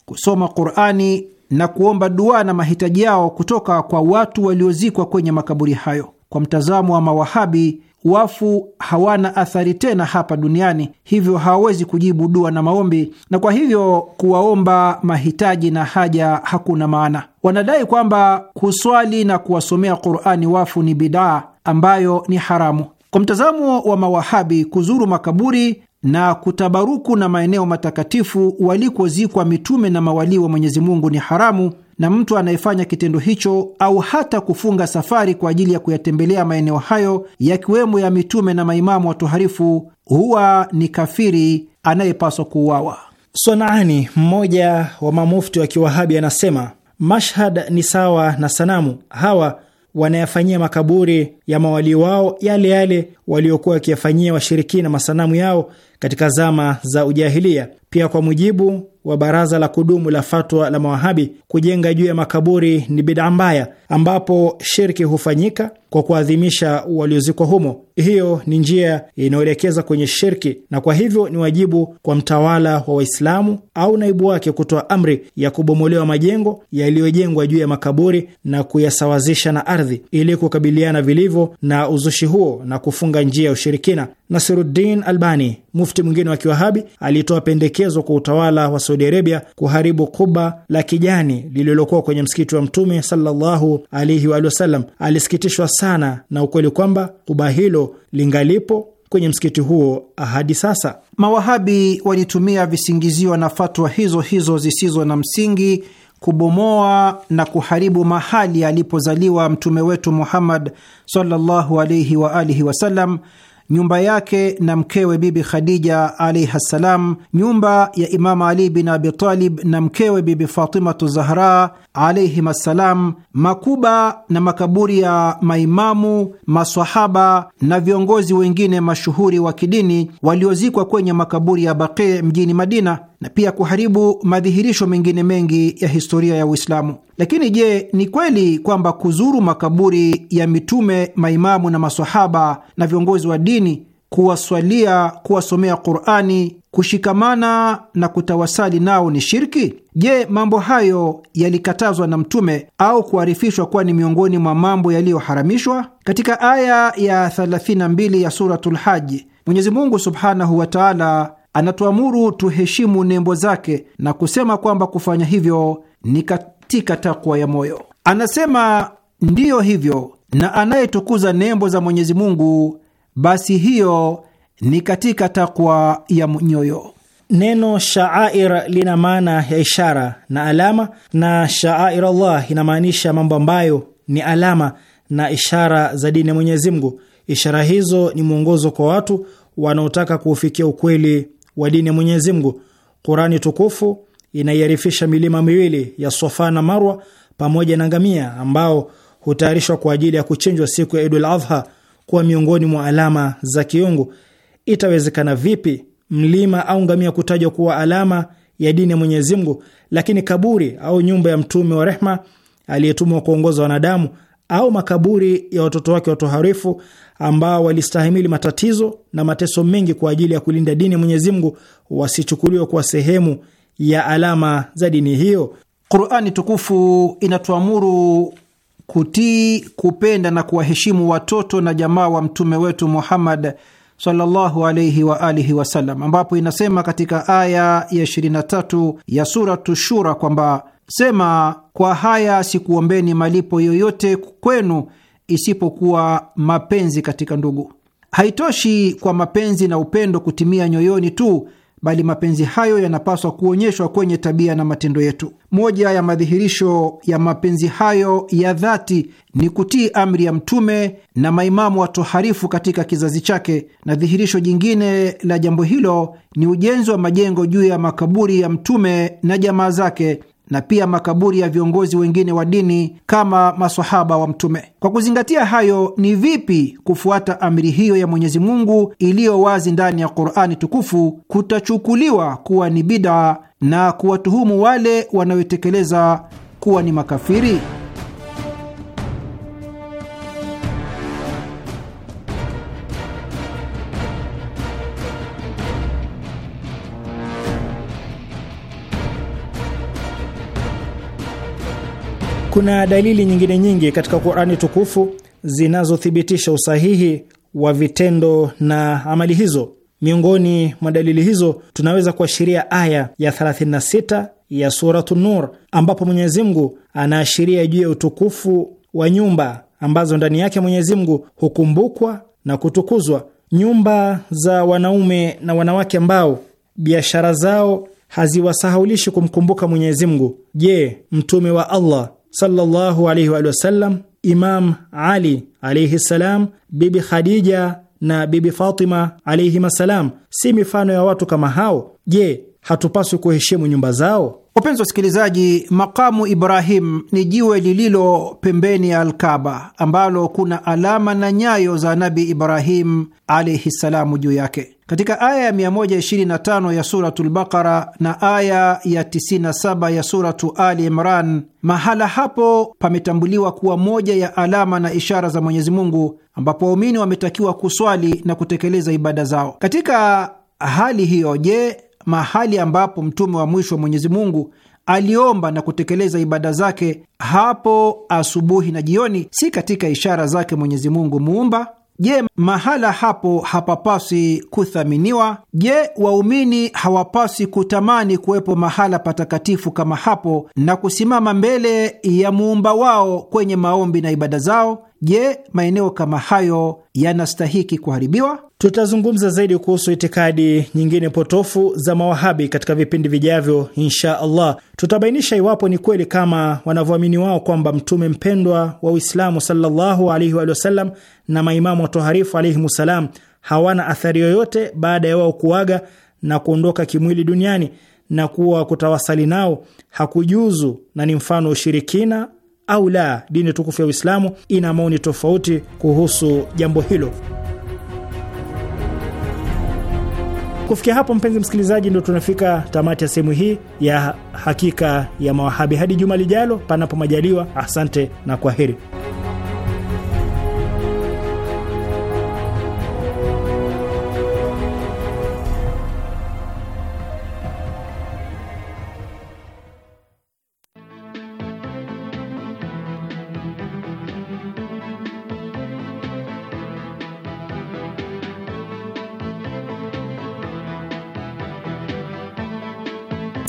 kusoma Qurani na kuomba dua na mahitaji yao kutoka kwa watu waliozikwa kwenye makaburi hayo. Kwa mtazamo wa Mawahabi, wafu hawana athari tena hapa duniani, hivyo hawawezi kujibu dua na maombi, na kwa hivyo kuwaomba mahitaji na haja hakuna maana. Wanadai kwamba kuswali na kuwasomea Qur'ani wafu ni bidaa ambayo ni haramu. Kwa mtazamo wa Mawahabi, kuzuru makaburi na kutabaruku na maeneo matakatifu walikozikwa mitume na mawalii wa Mwenyezi Mungu ni haramu na mtu anayefanya kitendo hicho au hata kufunga safari kwa ajili ya kuyatembelea maeneo hayo yakiwemo ya mitume na maimamu watoharifu huwa ni kafiri anayepaswa kuuawa. Swanaani, mmoja wa mamufti wa Kiwahabi, anasema Mashhad ni sawa na sanamu. Hawa wanayafanyia makaburi ya mawalii wao yale yale waliokuwa wakiyafanyia washirikina masanamu yao katika zama za ujahilia. Pia kwa mujibu wa baraza la kudumu la fatwa la mawahabi kujenga juu ya makaburi ni bidaa mbaya, ambapo shirki hufanyika kwa kuadhimisha waliozikwa humo. Hiyo ni njia inayoelekeza kwenye shirki, na kwa hivyo ni wajibu kwa mtawala wa Waislamu au naibu wake kutoa amri ya kubomolewa majengo yaliyojengwa juu ya makaburi na kuyasawazisha na ardhi, ili kukabiliana vilivyo na uzushi huo na kufunga njia ya ushirikina. Nasiruddin Albani, mufti mwingine wa Kiwahabi, alitoa pendekezo kwa utawala wa Saudi Arabia kuharibu kuba la kijani lililokuwa kwenye msikiti wa Mtume sallallahu alaihi wa sallam. Alisikitishwa sana na ukweli kwamba kuba hilo lingalipo kwenye msikiti huo hadi sasa. Mawahabi walitumia visingizio na fatwa hizo hizo zisizo na msingi kubomoa na kuharibu mahali alipozaliwa mtume wetu Muhammad sallallahu alaihi wa alihi wasallam nyumba yake na mkewe Bibi Khadija alaihi ssalam, nyumba ya Imamu Ali bin Talib na mkewe Bibi Fatimatu Zahra alaihim assalam, makuba na makaburi ya maimamu, masahaba na viongozi wengine mashuhuri wa kidini waliozikwa kwenye makaburi ya Baqi mjini Madina, na pia kuharibu madhihirisho mengine mengi ya historia ya Uislamu. Lakini je, ni kweli kwamba kuzuru makaburi ya mitume, maimamu na maswahaba na viongozi wa dini dini, kuwaswalia, kuwasomea Qurani, kushikamana na kutawasali nao ni shirki? Je, mambo hayo yalikatazwa na Mtume au kuarifishwa kuwa ni miongoni mwa mambo yaliyoharamishwa? Katika aya ya 32 ya Suratul Haji, Mwenyezi Mungu subhanahu wa taala anatuamuru tuheshimu nembo zake na kusema kwamba kufanya hivyo ni katika takwa ya moyo. Anasema ndiyo hivyo, na anayetukuza nembo za Mwenyezi Mungu basi hiyo ni katika takwa ya nyoyo. Neno shaair lina maana ya ishara na alama, na shaair Allah inamaanisha mambo ambayo ni alama na ishara za dini ya Mwenyezi Mungu. Ishara hizo ni mwongozo kwa watu wanaotaka kuufikia ukweli wa dini ya Mwenyezi Mungu. Qurani tukufu inaiarifisha milima miwili ya Sofa na Marwa pamoja na ngamia ambao hutayarishwa kwa ajili ya kuchinjwa siku ya Idul Adha kuwa miongoni mwa alama za kiungu. Itawezekana vipi mlima au ngamia kutajwa kuwa alama ya dini ya Mwenyezi Mungu, lakini kaburi au nyumba ya mtume wa rehma aliyetumwa kuongoza wanadamu au makaburi ya watoto wake watoharifu ambao walistahimili matatizo na mateso mengi kwa ajili ya kulinda dini ya Mwenyezi Mungu wasichukuliwe kuwa sehemu ya alama za dini hiyo? Qurani tukufu inatuamuru kutii, kupenda na kuwaheshimu watoto na jamaa wa mtume wetu Muhammad sallallahu alayhi wa alihi wasallam, ambapo inasema katika aya ya 23 ya Suratu Shura kwamba sema, kwa haya sikuombeni malipo yoyote kwenu isipokuwa mapenzi katika ndugu. Haitoshi kwa mapenzi na upendo kutimia nyoyoni tu bali mapenzi hayo yanapaswa kuonyeshwa kwenye tabia na matendo yetu. Moja ya madhihirisho ya mapenzi hayo ya dhati ni kutii amri ya Mtume na maimamu watoharifu katika kizazi chake, na dhihirisho jingine la jambo hilo ni ujenzi wa majengo juu ya makaburi ya Mtume na jamaa zake na pia makaburi ya viongozi wengine wa dini kama masahaba wa Mtume. Kwa kuzingatia hayo, ni vipi kufuata amri hiyo ya Mwenyezi Mungu iliyo wazi ndani ya Qur'ani tukufu kutachukuliwa kuwa ni bidaa na kuwatuhumu wale wanaotekeleza kuwa ni makafiri? Kuna dalili nyingine nyingi katika Qur'ani tukufu zinazothibitisha usahihi wa vitendo na amali hizo. Miongoni mwa dalili hizo tunaweza kuashiria aya ya 36 ya Suratu Nur ambapo Mwenyezi Mungu anaashiria juu ya utukufu wa nyumba ambazo ndani yake Mwenyezi Mungu hukumbukwa na kutukuzwa, nyumba za wanaume na wanawake ambao biashara zao haziwasahaulishi kumkumbuka Mwenyezi Mungu. Je, mtume wa Allah sallallahu alaihi wa sallam, Imam Ali alaihi salam, Bibi Khadija na Bibi Fatima alaihim assalam, si mifano ya watu kama hao? Je, hatupaswi kuheshimu nyumba zao? Wapenzi wasikilizaji, makamu Ibrahim ni jiwe lililo pembeni ya Alkaba ambalo kuna alama na nyayo za Nabi Ibrahim alaihi salamu juu yake. Katika aya ya 125 ya suratulbaara na aya ya 97 ya Suratu Ali Imran, mahala hapo pametambuliwa kuwa moja ya alama na ishara za Mwenyezi Mungu, ambapo waumini wametakiwa kuswali na kutekeleza ibada zao. Katika hali hiyo, je, mahali ambapo mtume wa mwisho wa Mwenyezi Mungu aliomba na kutekeleza ibada zake hapo asubuhi na jioni, si katika ishara zake Mwenyezi Mungu muumba? Je, mahala hapo hapapaswi kuthaminiwa? Je, waumini hawapaswi kutamani kuwepo mahala patakatifu kama hapo na kusimama mbele ya muumba wao kwenye maombi na ibada zao? Je, maeneo kama hayo yanastahiki kuharibiwa? Tutazungumza zaidi kuhusu itikadi nyingine potofu za mawahabi katika vipindi vijavyo, insha Allah. Tutabainisha iwapo ni kweli kama wanavyoamini wao kwamba mtume mpendwa wa Uislamu sallallahu alaihi wa sallam na maimamu watoharifu alaihimussalam hawana athari yoyote baada ya wao kuaga na kuondoka kimwili duniani na kuwa kutawasali nao hakujuzu na ni mfano ushirikina au la, dini tukufu ya Uislamu ina maoni tofauti kuhusu jambo hilo. Kufikia hapo, mpenzi msikilizaji, ndio tunafika tamati ya sehemu hii ya Hakika ya Mawahabi. Hadi juma lijalo, panapo majaliwa. Asante na kwaheri.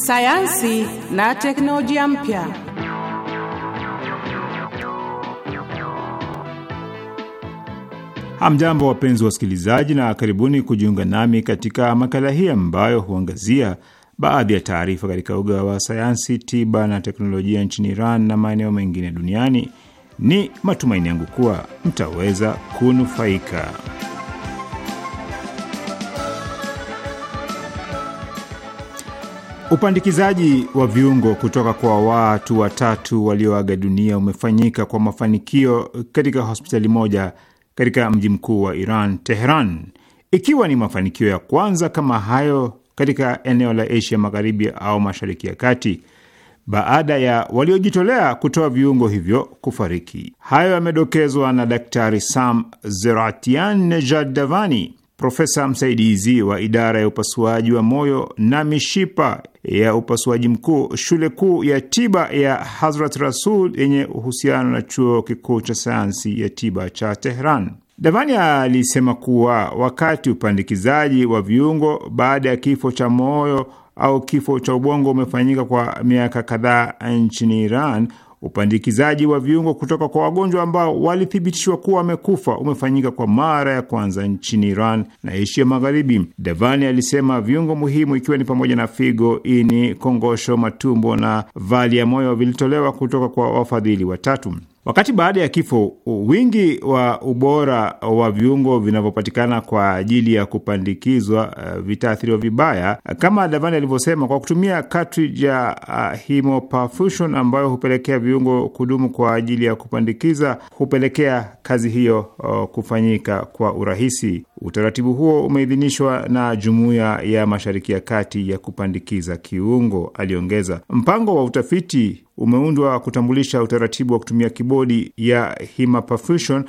sayansi na teknolojia mpya. Hamjambo, wapenzi wasikilizaji, na karibuni kujiunga nami katika makala hii ambayo huangazia baadhi ya taarifa katika uga wa sayansi, tiba na teknolojia nchini Iran na maeneo mengine duniani. Ni matumaini yangu kuwa mtaweza kunufaika. Upandikizaji wa viungo kutoka kwa watu watatu walioaga dunia umefanyika kwa mafanikio katika hospitali moja katika mji mkuu wa Iran, Teheran, ikiwa ni mafanikio ya kwanza kama hayo katika eneo la Asia Magharibi au Mashariki ya Kati baada ya waliojitolea kutoa viungo hivyo kufariki. Hayo yamedokezwa na Daktari Sam Zeratian Nejadavani, profesa msaidizi wa idara ya upasuaji wa moyo na mishipa ya upasuaji mkuu shule kuu ya tiba ya Hazrat Rasul yenye uhusiano na chuo kikuu cha sayansi ya tiba cha Tehran. davani alisema kuwa wakati upandikizaji wa viungo baada ya kifo cha moyo au kifo cha ubongo umefanyika kwa miaka kadhaa nchini Iran, Upandikizaji wa viungo kutoka kwa wagonjwa ambao walithibitishwa kuwa wamekufa umefanyika kwa mara ya kwanza nchini Iran na Asia Magharibi. Devani alisema viungo muhimu ikiwa ni pamoja na figo, ini, kongosho, matumbo na vali ya moyo vilitolewa kutoka kwa wafadhili watatu. Wakati baada ya kifo, wingi wa ubora wa viungo vinavyopatikana kwa ajili ya kupandikizwa uh, vitaathiriwa vibaya, kama Davani alivyosema, kwa kutumia cartridge ya uh, hemoperfusion ambayo hupelekea viungo kudumu kwa ajili ya kupandikiza, hupelekea kazi hiyo uh, kufanyika kwa urahisi. Utaratibu huo umeidhinishwa na Jumuiya ya Mashariki ya Kati ya kupandikiza kiungo, aliongeza. Mpango wa utafiti umeundwa kutambulisha utaratibu wa kutumia kibodi ya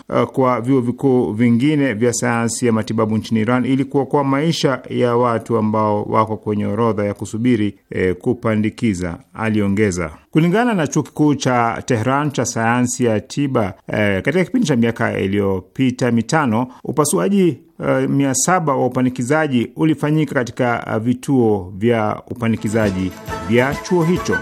uh, kwa vyuo vikuu vingine vya sayansi ya matibabu nchini Iran ili kuokoa maisha ya watu ambao wako kwenye orodha ya kusubiri eh, kupandikiza, aliongeza. Kulingana na chuo kikuu cha Tehran cha sayansi ya tiba e, katika kipindi cha miaka iliyopita mitano upasuaji e, mia saba wa upanikizaji ulifanyika katika eh, vituo vya upanikizaji vya chuo hicho.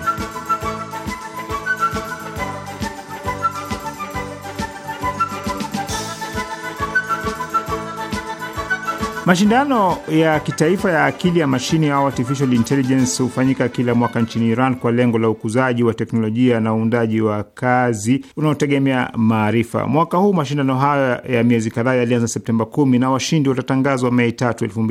Mashindano ya kitaifa ya akili ya mashine au artificial intelligence hufanyika kila mwaka nchini Iran kwa lengo la ukuzaji wa teknolojia na uundaji wa kazi unaotegemea maarifa. Mwaka huu mashindano hayo ya miezi kadhaa yalianza Septemba 1 na washindi watatangazwa Mei t elfu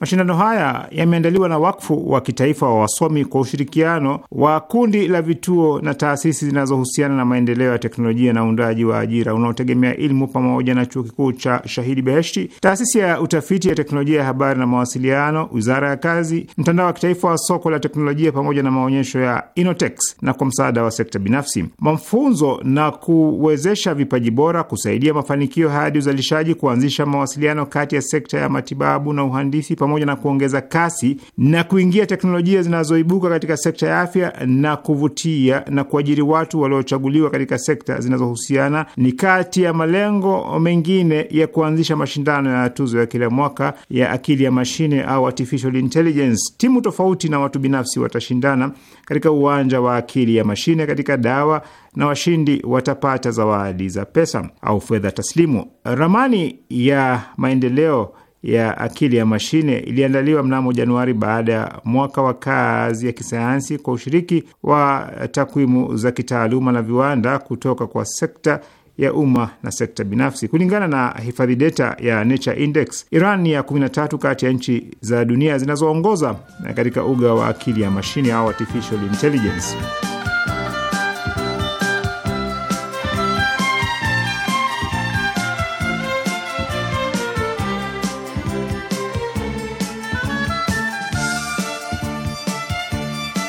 Mashindano haya yameandaliwa na wakfu wa kitaifa wa wasomi kwa ushirikiano wa kundi la vituo na taasisi zinazohusiana na maendeleo ya teknolojia na uundaji wa ajira unaotegemea ilmu pamoja na chuo kikuu cha Shahidi Beheshti, taasisi ya utafiti ya teknolojia ya habari na mawasiliano, wizara ya kazi, mtandao wa kitaifa wa soko la teknolojia, pamoja na maonyesho ya Inotex na kwa msaada wa sekta binafsi, mafunzo na kuwezesha vipaji bora, kusaidia mafanikio hadi uzalishaji, kuanzisha mawasiliano kati ya sekta ya matibabu na uhandisi, pamoja na kuongeza kasi na kuingia teknolojia zinazoibuka katika sekta ya afya na kuvutia na kuajiri watu waliochaguliwa katika sekta zinazohusiana, ni kati ya malengo mengine ya kuanzisha mashindano ya tuzo ya kila kila mwaka ya akili ya mashine au artificial intelligence. Timu tofauti na watu binafsi watashindana katika uwanja wa akili ya mashine katika dawa, na washindi watapata zawadi za pesa au fedha taslimu. Ramani ya maendeleo ya akili ya mashine iliandaliwa mnamo Januari baada ya mwaka wa kazi ya kisayansi kwa ushiriki wa takwimu za kitaaluma na viwanda kutoka kwa sekta ya umma na sekta binafsi. Kulingana na hifadhi data ya Nature Index, Iran ni ya 13 kati ya nchi za dunia zinazoongoza katika uga wa akili ya mashine au artificial intelligence.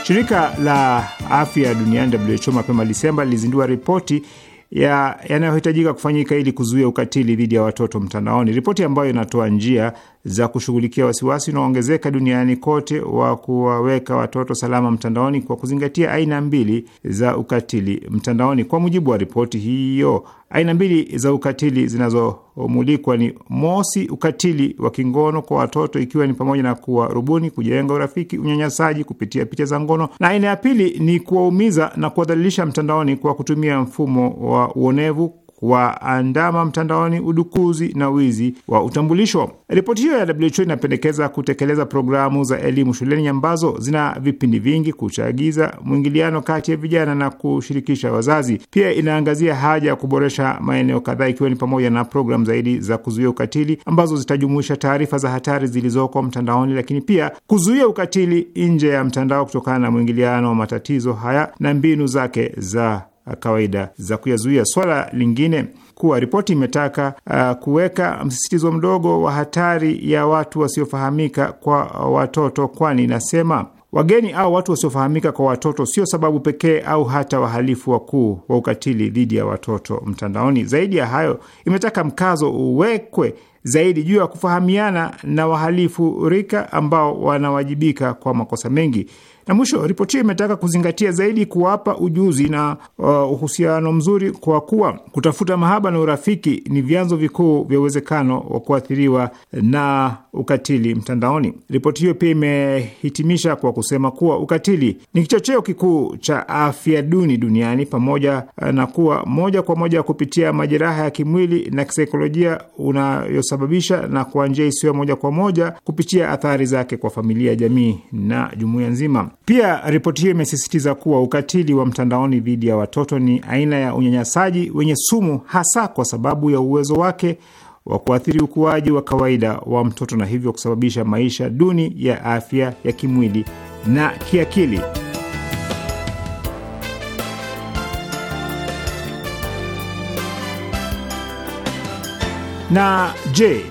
Shirika la afya duniani WHO mapema Disemba lilizindua ripoti ya yanayohitajika kufanyika ili kuzuia ukatili dhidi ya watoto mtandaoni, ripoti ambayo inatoa njia za kushughulikia wasiwasi unaoongezeka duniani kote wa kuwaweka watoto salama mtandaoni kwa kuzingatia aina mbili za ukatili mtandaoni. Kwa mujibu wa ripoti hiyo, aina mbili za ukatili zinazomulikwa ni mosi, ukatili wa kingono kwa watoto, ikiwa ni pamoja na kuwarubuni, kujenga urafiki, unyanyasaji kupitia picha za ngono, na aina ya pili ni kuwaumiza na kuwadhalilisha mtandaoni kwa kutumia mfumo wa uonevu kuwaandama mtandaoni udukuzi na wizi wa utambulisho. Ripoti hiyo ya WHO inapendekeza kutekeleza programu za elimu shuleni ambazo zina vipindi vingi, kuchagiza mwingiliano kati ya vijana na kushirikisha wazazi. Pia inaangazia haja ya kuboresha maeneo kadhaa, ikiwa ni pamoja na programu zaidi za kuzuia ukatili ambazo zitajumuisha taarifa za hatari zilizoko mtandaoni, lakini pia kuzuia ukatili nje ya mtandao kutokana na mwingiliano wa matatizo haya na mbinu zake za kawaida za kuyazuia. Swala lingine kuwa ripoti imetaka uh, kuweka msisitizo mdogo wa hatari ya watu wasiofahamika kwa watoto, kwani inasema wageni au watu wasiofahamika kwa watoto sio sababu pekee au hata wahalifu wakuu wa ukatili dhidi ya watoto mtandaoni. Zaidi ya hayo, imetaka mkazo uwekwe zaidi juu ya kufahamiana na wahalifu rika ambao wanawajibika kwa makosa mengi. Na mwisho, ripoti hiyo imetaka kuzingatia zaidi kuwapa ujuzi na uh, uhusiano mzuri, kwa kuwa kutafuta mahaba na urafiki ni vyanzo vikuu vya uwezekano wa kuathiriwa na ukatili mtandaoni. Ripoti hiyo pia imehitimisha kwa kusema kuwa ukatili ni kichocheo kikuu cha afya duni duniani, pamoja eh, na kuwa moja kwa moja kupitia majeraha ya kimwili na kisaikolojia unayosababisha, na kwa njia isiyo moja kwa moja kupitia athari zake kwa familia, jamii na jumuiya nzima. Pia ripoti hiyo imesisitiza kuwa ukatili wa mtandaoni dhidi ya watoto ni aina ya unyanyasaji wenye sumu, hasa kwa sababu ya uwezo wake wa kuathiri ukuaji wa kawaida wa mtoto na hivyo kusababisha maisha duni ya afya ya kimwili na kiakili. Na je,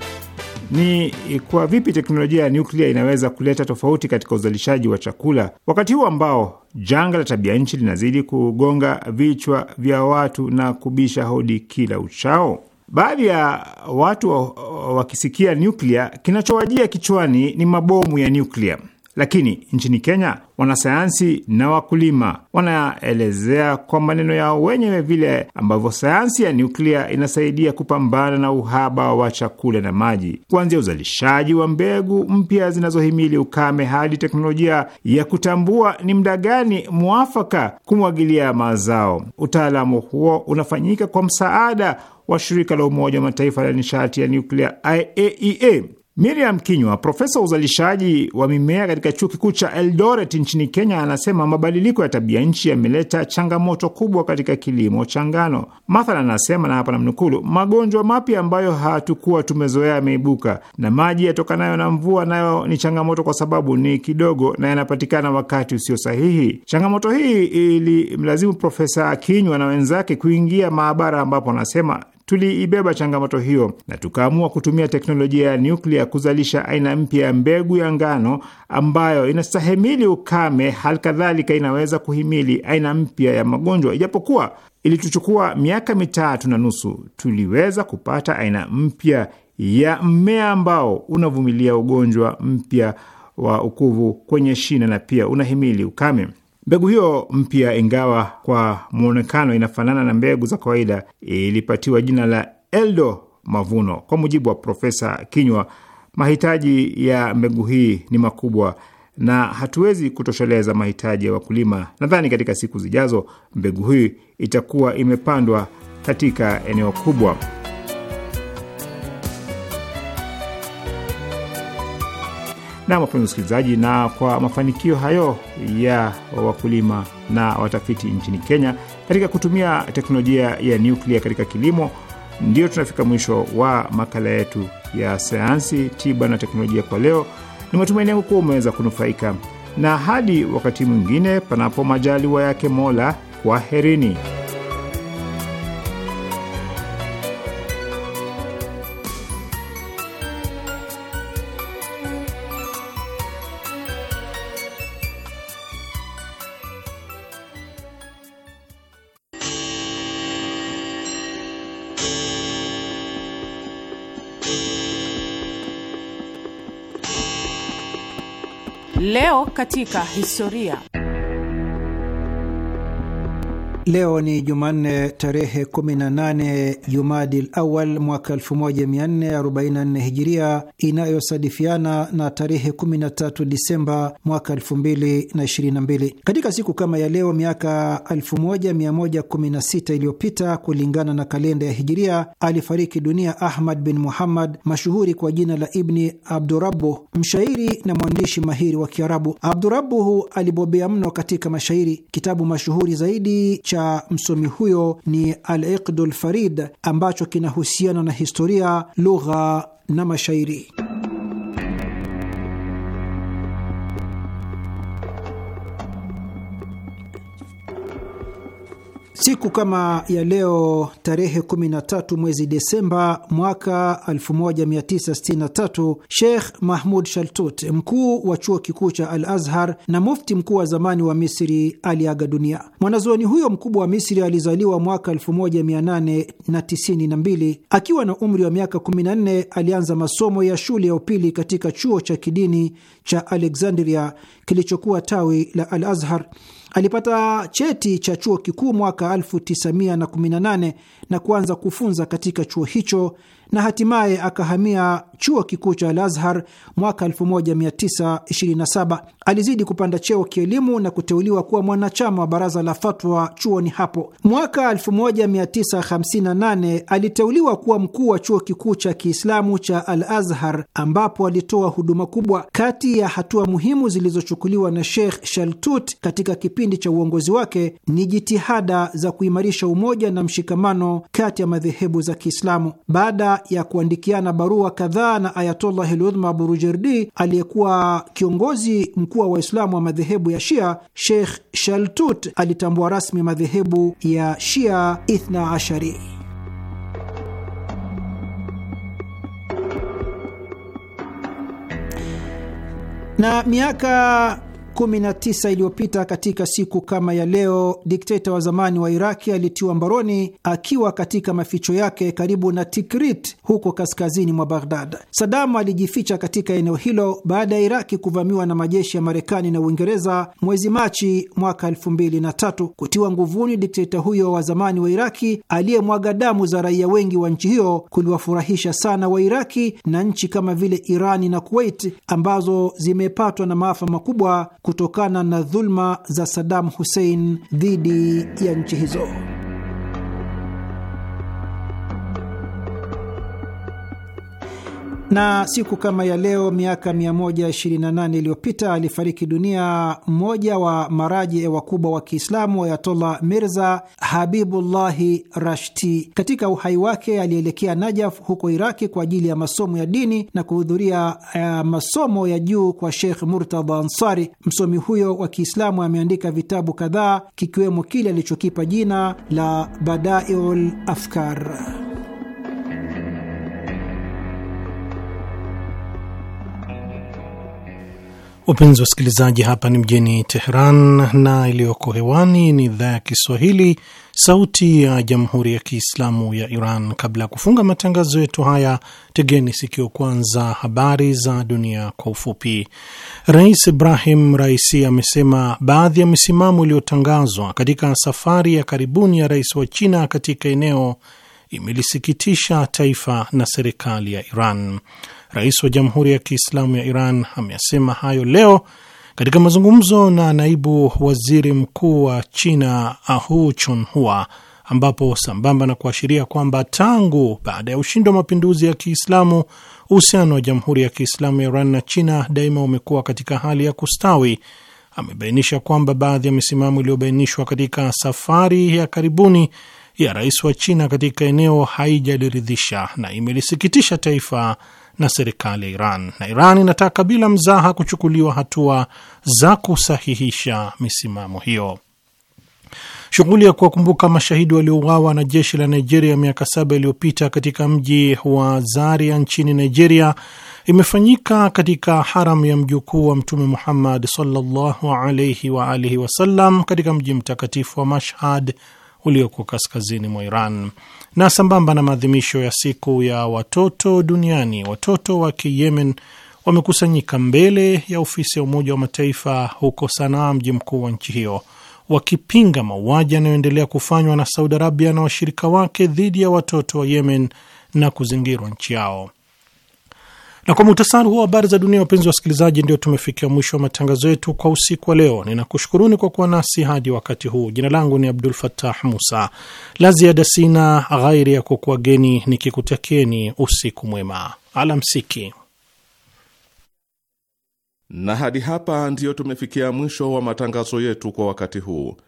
ni kwa vipi teknolojia ya nyuklia inaweza kuleta tofauti katika uzalishaji wa chakula wakati huu ambao janga la tabia nchi linazidi kugonga vichwa vya watu na kubisha hodi kila uchao? Baadhi ya watu wakisikia nyuklia, kinachowajia kichwani ni mabomu ya nyuklia. Lakini nchini Kenya, wanasayansi na wakulima wanaelezea kwa maneno yao wenyewe vile ambavyo sayansi ya nyuklia inasaidia kupambana na uhaba wa chakula na maji, kuanzia uzalishaji wa mbegu mpya zinazohimili ukame hadi teknolojia ya kutambua ni muda gani mwafaka kumwagilia mazao. Utaalamu huo unafanyika kwa msaada wa shirika la Umoja wa Mataifa la nishati ya nyuklia IAEA. E Miriam Kinywa, profesa wa uzalishaji wa mimea katika chuo kikuu cha Eldoret nchini Kenya, anasema mabadiliko ya tabia nchi yameleta changamoto kubwa katika kilimo cha ngano. Mathala anasema na hapa namnukulu, magonjwa mapya ambayo hatukuwa tumezoea yameibuka, na maji yatokanayo na mvua nayo ni changamoto kwa sababu ni kidogo na yanapatikana wakati usio sahihi. Changamoto hii ilimlazimu Profesa Kinywa na wenzake kuingia maabara, ambapo anasema Tuliibeba changamoto hiyo na tukaamua kutumia teknolojia ya nyuklia kuzalisha aina mpya ya mbegu ya ngano ambayo inastahimili ukame, hali kadhalika inaweza kuhimili aina mpya ya magonjwa. Ijapokuwa ilituchukua miaka mitatu na nusu, tuliweza kupata aina mpya ya mmea ambao unavumilia ugonjwa mpya wa ukuvu kwenye shina na pia unahimili ukame. Mbegu hiyo mpya, ingawa kwa mwonekano inafanana na mbegu za kawaida, ilipatiwa jina la Eldo Mavuno. Kwa mujibu wa Profesa Kinywa, mahitaji ya mbegu hii ni makubwa na hatuwezi kutosheleza mahitaji ya wakulima. Nadhani katika siku zijazo mbegu hii itakuwa imepandwa katika eneo kubwa. na wapenzi usikilizaji na kwa mafanikio hayo ya wakulima na watafiti nchini Kenya katika kutumia teknolojia ya nyuklia katika kilimo, ndio tunafika mwisho wa makala yetu ya sayansi, tiba na teknolojia kwa leo. Ni matumaini yangu kuwa umeweza kunufaika, na hadi wakati mwingine, panapo majaliwa yake Mola, kwaherini. katika historia. Leo ni Jumanne tarehe 18 Jumadil Awal mwaka 1444 Hijiria, inayosadifiana na tarehe 13 Disemba mwaka 2022. Katika siku kama ya leo miaka 1116 iliyopita kulingana na kalenda ya Hijiria, alifariki dunia Ahmad bin Muhammad, mashuhuri kwa jina la Ibni Abdurabu, mshairi na mwandishi mahiri wa Kiarabu. Abdurabu alibobea mno katika mashairi. Kitabu mashuhuri zaidi cha cha msomi huyo ni aliqdu lfarid ambacho kinahusiana na historia, lugha na mashairi. Siku kama ya leo tarehe 13 mwezi Desemba mwaka 1963 Sheikh Mahmud Shaltut, mkuu wa chuo kikuu cha Al Azhar na mufti mkuu wa zamani wa Misri, aliaga dunia. Mwanazuoni huyo mkubwa wa Misri alizaliwa mwaka 1892. Akiwa na umri wa miaka 14, alianza masomo ya shule ya upili katika chuo cha kidini cha Alexandria kilichokuwa tawi la Al Azhar. Alipata cheti cha chuo kikuu mwaka 1918 na kuanza kufunza katika chuo hicho na hatimaye akahamia chuo kikuu cha Al-Azhar mwaka 1927. Alizidi kupanda cheo kielimu na kuteuliwa kuwa mwanachama wa baraza la fatwa chuoni hapo. Mwaka 1958 aliteuliwa kuwa mkuu wa chuo kikuu cha Kiislamu cha Al-Azhar ambapo alitoa huduma kubwa. Kati ya hatua muhimu zilizochukuliwa na Sheikh Shaltut katika kipindi cha uongozi wake ni jitihada za kuimarisha umoja na mshikamano kati ya madhehebu za Kiislamu. Baada ya kuandikiana barua kadhaa Shah na Ayatollah Ludhma Burujerdi aliyekuwa kiongozi mkuu wa Waislamu wa madhehebu ya Shia, Sheikh Shaltut alitambua rasmi madhehebu ya Shia Ithna Ashari. Na miaka 19 iliyopita katika siku kama ya leo, dikteta wa zamani wa Iraki alitiwa mbaroni akiwa katika maficho yake karibu na Tikrit huko kaskazini mwa Baghdad. Sadamu alijificha katika eneo hilo baada ya Iraki kuvamiwa na majeshi ya Marekani na Uingereza mwezi Machi mwaka 2003. Kutiwa nguvuni dikteta huyo wa zamani wa Iraki aliyemwaga damu za raia wengi wa nchi hiyo kuliwafurahisha sana Wairaki na nchi kama vile Irani na Kuwait ambazo zimepatwa na maafa makubwa kutokana na dhulma za Saddam Hussein dhidi ya nchi hizo. na siku kama ya leo miaka 128 iliyopita alifariki dunia mmoja wa maraji wakubwa wa Kiislamu, Ayatollah Mirza Habibullahi Rashti. Katika uhai wake alielekea Najaf huko Iraki kwa ajili ya masomo ya dini na kuhudhuria uh, masomo ya juu kwa Sheikh Murtadha Ansari. Msomi huyo wa Kiislamu ameandika vitabu kadhaa, kikiwemo kile alichokipa jina la Badaiul Afkar. Wapenzi wasikilizaji, hapa ni mjini Teheran na iliyoko hewani ni idhaa ya Kiswahili, Sauti ya Jamhuri ya Kiislamu ya Iran. Kabla ya kufunga matangazo yetu haya, tegeni sikio kwanza habari za dunia kwa ufupi. Rais Ibrahim Raisi amesema baadhi ya misimamo iliyotangazwa katika safari ya karibuni ya rais wa China katika eneo imelisikitisha taifa na serikali ya Iran. Rais wa Jamhuri ya Kiislamu ya Iran ameyasema hayo leo katika mazungumzo na naibu waziri mkuu wa China Hu Chunhua, ambapo sambamba na kuashiria kwamba tangu baada ya ushindi wa mapinduzi ya Kiislamu uhusiano wa Jamhuri ya Kiislamu ya Iran na China daima umekuwa katika hali ya kustawi, amebainisha kwamba baadhi ya misimamo iliyobainishwa katika safari ya karibuni ya rais wa China katika eneo haijaliridhisha na imelisikitisha taifa na serikali ya Iran, na Iran inataka bila mzaha kuchukuliwa hatua za kusahihisha misimamo hiyo. Shughuli ya kuwakumbuka mashahidi waliouawa na jeshi la Nigeria miaka saba iliyopita katika mji wa Zaria nchini Nigeria imefanyika katika haram ya mjukuu wa Mtume Muhammad sallallahu alaihi wa alihi wasallam katika mji mtakatifu wa Mashhad ulioko kaskazini mwa Iran. Na sambamba na maadhimisho ya siku ya watoto duniani, watoto wa Kiyemen wamekusanyika mbele ya ofisi ya Umoja wa Mataifa huko Sanaa, mji mkuu wa nchi hiyo, wakipinga mauaji yanayoendelea kufanywa na Saudi Arabia na washirika wake dhidi ya watoto wa Yemen na kuzingirwa nchi yao. Na kwa muhtasari huo habari za dunia, wapenzi wa wasikilizaji, ndio tumefikia mwisho wa matangazo yetu kwa usiku wa leo. Ninakushukuruni kwa kuwa nasi hadi wakati huu. Jina langu ni Abdul fatah Musa. La ziada sina ghairi ya kukuageni nikikutakieni usiku mwema, alamsiki. Na hadi hapa ndiyo tumefikia mwisho wa matangazo yetu kwa wakati huu.